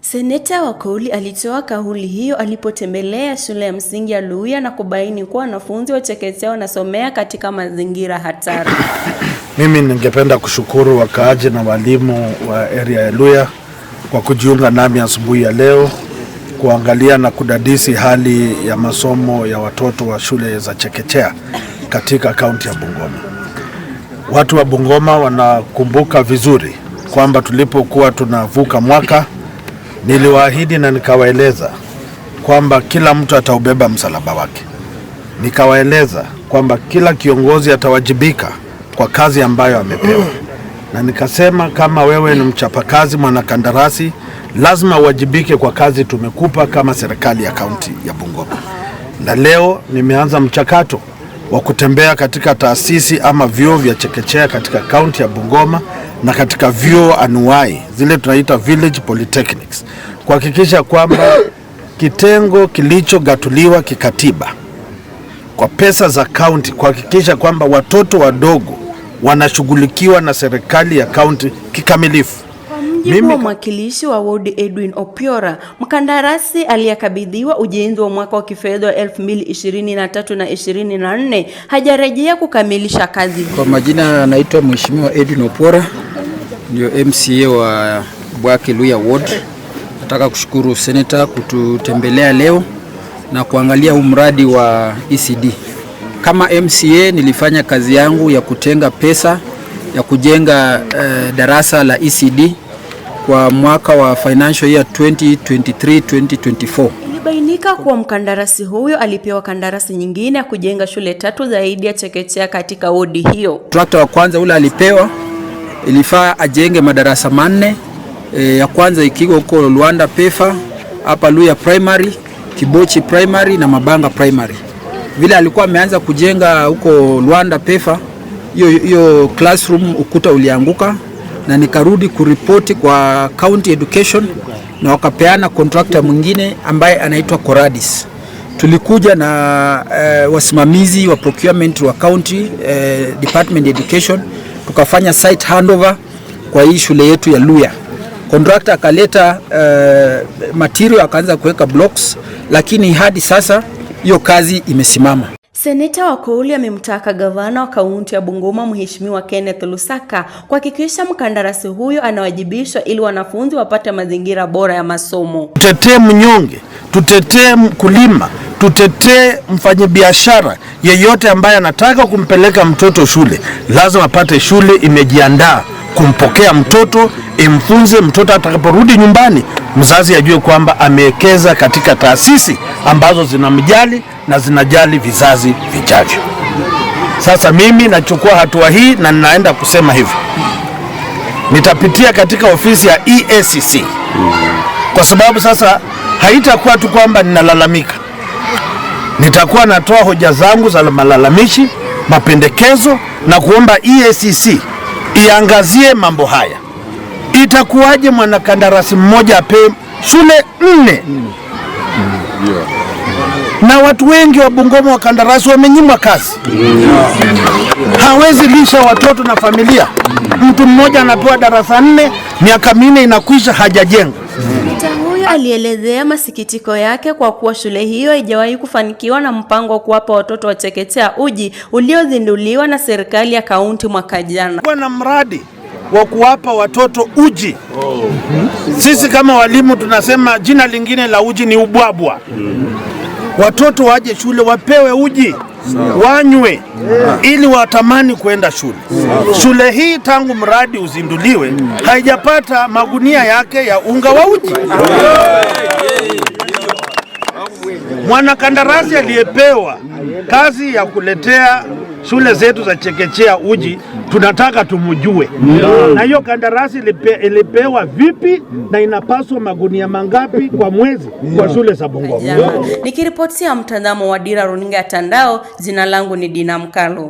Seneta wakoli alitoa kauli hiyo alipotembelea shule ya msingi ya Luhya na kubaini kuwa wanafunzi wa chekechea wanasomea katika mazingira hatari. Mimi ningependa kushukuru wakaaji na walimu wa area ya Luhya kwa kujiunga nami asubuhi ya leo kuangalia na kudadisi hali ya masomo ya watoto wa shule za chekechea katika kaunti ya Bungoma. Watu wa Bungoma wanakumbuka vizuri kwamba tulipokuwa tunavuka mwaka Niliwaahidi na nikawaeleza kwamba kila mtu ataubeba msalaba wake. Nikawaeleza kwamba kila kiongozi atawajibika kwa kazi ambayo amepewa, na nikasema kama wewe ni mchapakazi, mwanakandarasi, lazima uwajibike kwa kazi tumekupa kama serikali ya kaunti ya Bungoma. Na leo nimeanza mchakato wa kutembea katika taasisi ama vyuo vya chekechea katika kaunti ya Bungoma na katika vyuo anuai zile tunaita village polytechnics kuhakikisha kwamba kitengo kilichogatuliwa kikatiba kwa pesa za kaunti kuhakikisha kwamba watoto wadogo wanashughulikiwa na serikali ya kaunti kikamilifu. Kwa mwakilishi wa wodi Edwin Opiora, mkandarasi aliyekabidhiwa ujenzi wa mwaka wa kifedha 2023 na 24 hajarejea kukamilisha kazi. Kwa majina anaitwa Mheshimiwa Edwin Opiora ndio MCA wa Bwake luya Ward. Nataka kushukuru senator kututembelea leo na kuangalia huu mradi wa ECD. Kama MCA nilifanya kazi yangu ya kutenga pesa ya kujenga eh, darasa la ECD kwa mwaka wa financial year 2023 2024. Ilibainika kuwa mkandarasi huyo alipewa kandarasi nyingine ya kujenga shule tatu zaidi ya chekechea katika wodi hiyo. Trakta wa kwanza ule alipewa ilifaa ajenge madarasa manne e, ya kwanza ikiwa huko Luanda Pefa, hapa Luya Primary, Kibochi Primary na Mabanga Primary. Vile alikuwa ameanza kujenga huko Luanda Pefa, hiyo hiyo classroom ukuta ulianguka, na nikarudi kuripoti kwa county education na wakapeana contractor mwingine ambaye anaitwa Coradis. Tulikuja na uh, wasimamizi wa procurement wa county uh, department education tukafanya site handover kwa hii shule yetu ya Luya. Contractor akaleta uh, material akaanza kuweka blocks, lakini hadi sasa hiyo kazi imesimama. Seneta Kouli amemtaka gavana wa kaunti ya Bungoma Mheshimiwa Kenneth Lusaka kuhakikisha mkandarasi huyo anawajibishwa ili wanafunzi wapate mazingira bora ya masomo. Tutetee mnyonge, tutetee mkulima tutetee mfanyabiashara yeyote ambaye anataka kumpeleka mtoto shule, lazima apate shule imejiandaa kumpokea mtoto, imfunze mtoto. Atakaporudi nyumbani, mzazi ajue kwamba amewekeza katika taasisi ambazo zinamjali na zinajali vizazi vijavyo. Sasa mimi nachukua hatua hii na ninaenda kusema hivyo nitapitia katika ofisi ya EACC kwa sababu sasa haitakuwa tu kwamba ninalalamika nitakuwa natoa hoja zangu za malalamishi, mapendekezo na kuomba EACC iangazie mambo haya. Itakuwaje mwanakandarasi mmoja apewe shule nne? Na watu wengi wa Bungoma kandarasi wamenyimwa kazi, hawezi lisha watoto na familia. Mtu mmoja anapewa darasa nne, miaka minne inakwisha, hajajenga alielezea masikitiko yake kwa kuwa shule hiyo haijawahi kufanikiwa na mpango wa kuwapa watoto wa chekechea uji uliozinduliwa na serikali ya kaunti mwaka jana. na mradi wa kuwapa watoto uji. Sisi kama walimu tunasema jina lingine la uji ni ubwabwa. Watoto waje shule wapewe uji wanywe ili watamani kwenda shule. Shule hii tangu mradi uzinduliwe mm. haijapata magunia yake ya unga wa uji. Mwanakandarasi aliyepewa mm. kazi ya kuletea shule zetu za chekechea uji tunataka tumujue, yeah. na hiyo kandarasi ilipe, ilipewa vipi na inapaswa magunia mangapi kwa mwezi yeah. kwa shule za Bungoma yeah. Nikiripotia mtazamo wa Dira Runinga ya Tandao, jina langu ni Dina Mkalo.